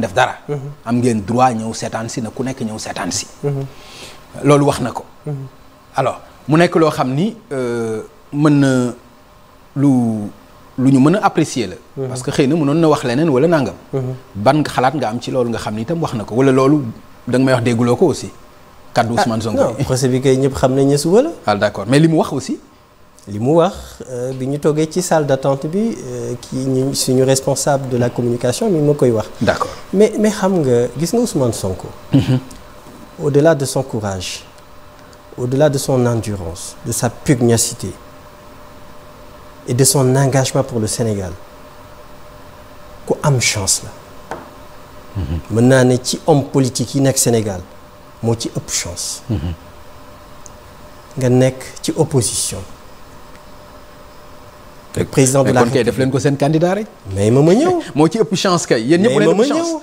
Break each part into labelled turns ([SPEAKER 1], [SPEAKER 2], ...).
[SPEAKER 1] def dara. am ngeen droit ñëw seetaan si na ku nekk ñëw seetaan si. loolu wax na ko. alors mu nekk loo xam ni euh, mën na lu lu ñu mën a apprécier la. parce que xëy na mënoon na wax leneen wala nangam. ban xalaat nga am ci loolu nga xam ni itam wax na ko wala loolu da nga may wax dégguloo ko aussi. kaddu Ousmane ah, Sonko. non procès xam nañ ne suba la. waaw ah, d'accord mais li mu wax aussi. li mu wax euh, bi ñu dans
[SPEAKER 2] ci salle d'attente bi euh, kii ñu responsable de la communication mais ma koy d'accord mais mais xam nga gis nga Ousmane Sonko. Mhm. au-delà de son courage au-delà de son endurance de sa pugnacité et de son engagement pour le Sénégal a am chance la. Mhm. mën naa ne ci homme politique yi au Sénégal y ci ëpp chance. Mhm. nga a ci opposition.
[SPEAKER 1] Le président de la eh, kon kay def leen ko candidat rek. mais ma ma ñëw. moo ci ëpp chance kay yéen ñëpp leen ëpp chance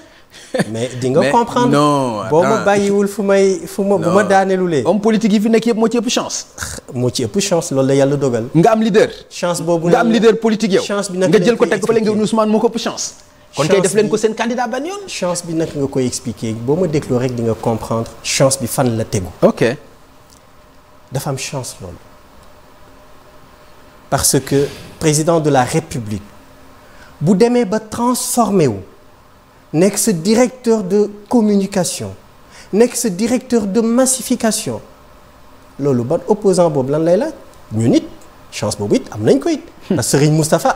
[SPEAKER 1] mais di nga comprendre non boo ma bàyyiwul
[SPEAKER 2] fu may fu ma bu ma daaneelulee. homme
[SPEAKER 1] politique yi fi nekk yëpp moo ci ëpp chance.
[SPEAKER 2] moo ci ëpp chance loolu la yàlla dogal. nga am leader. chance boobu nga am leader politique yow. chance bi nga jël ko teg fële nga
[SPEAKER 1] Ousmane moo ko ëpp chance. kon kay def leen ko seen candidat benn yoon.
[SPEAKER 2] chance bi naka nga koy expliquer boo ma déclarer rek di nga comprendre chance bi fan la tegu. ok dafa am chance loolu parce que président de la république bu ba transformé wu directeur de communication nex directeur de massification qui ban opposant Bob lan lay chance pour am nañ hmm. Moustapha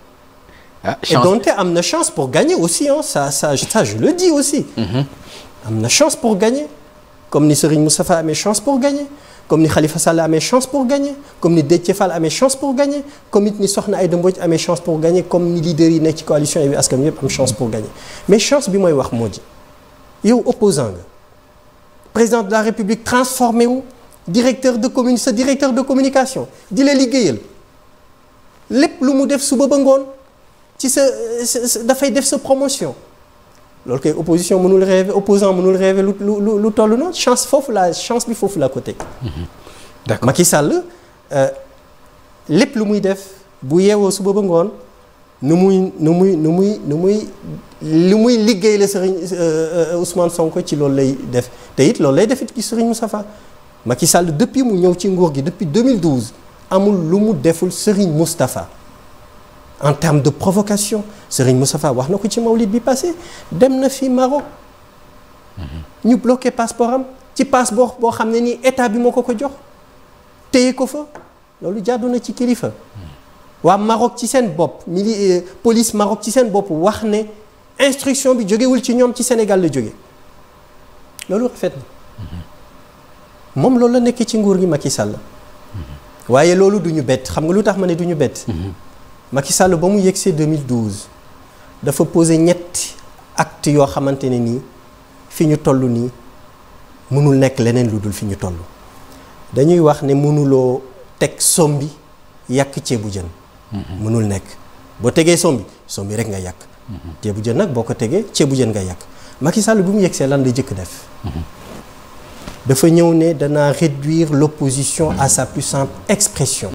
[SPEAKER 2] Ah, et Dante a une chance pour gagner aussi, hein. ça, je le dis aussi. Mm a a chance pour gagner. Comme ni Moussa Moussafa a une chance pour gagner. Comme ni Khalifa Salah a une chance pour gagner. Comme ni a une chance pour gagner. Comme ni Sohna a une chance pour gagner. Comme ni Lideri Neti Coalition et Askam a une chance pour gagner. Mes chances, c'est moi, je dis. Yo, opposant. Président de la République transformé ou directeur de communication, directeur de communication. Dis les ligues. Les def sous ci sa dafay def sa promotion lorsque koy opposition le rêve, opposant nous le lu lu lu toll chance foofu la chance bi foofu la ko mhm. d'accord Macky Sall euh, lépp lu muy def bu yeewoo suba ba ngoon nu muy nou muy nou muy nou muy lu muy liggéey la Serigne euh, euh, Ousmane Sonko ci loolu lay def te it loolu lay def ci Serigne Moustapha Macky Sall depuis mu ñew ci nguur gi depuis 2012 amul lu mu deful Serigne Moustapha en termes de provocation Serigne Moustapha wax na ko ci mawlid bi passé dem na fi Maroc mhm. ñu bloqué passeport am ci passeport bo xamné ni état bi moko ko jox téye ko fa Lolu jàddu na ci kilifa mhm. Wa Maroc ci sen bop, mili euh, police Maroc ci sen bop wax instruction bi jógewul ci ñom ci Sénégal la jóge Lolu rafet na Mom mhm. lolu la nekkee ci nguur gi Macky Sall waaye lolu duñu xam nga mané duñu Macky Sall ba mu yegsee 2012 dafa poser ñetti acte yo xamante ni fiñu tollu ni mënul nek leneen luddul fiñu tollu dañuy wax ne mënulo tek sombi yàq ceebu jën mënul nek bo tégué sombi sombi rek nga yàq ceebu jën nak boko tégué ci ceebu jën nga yak Macky Sall bu mu lan jëk def dafa ñëw réduire l'opposition à sa plus simple expression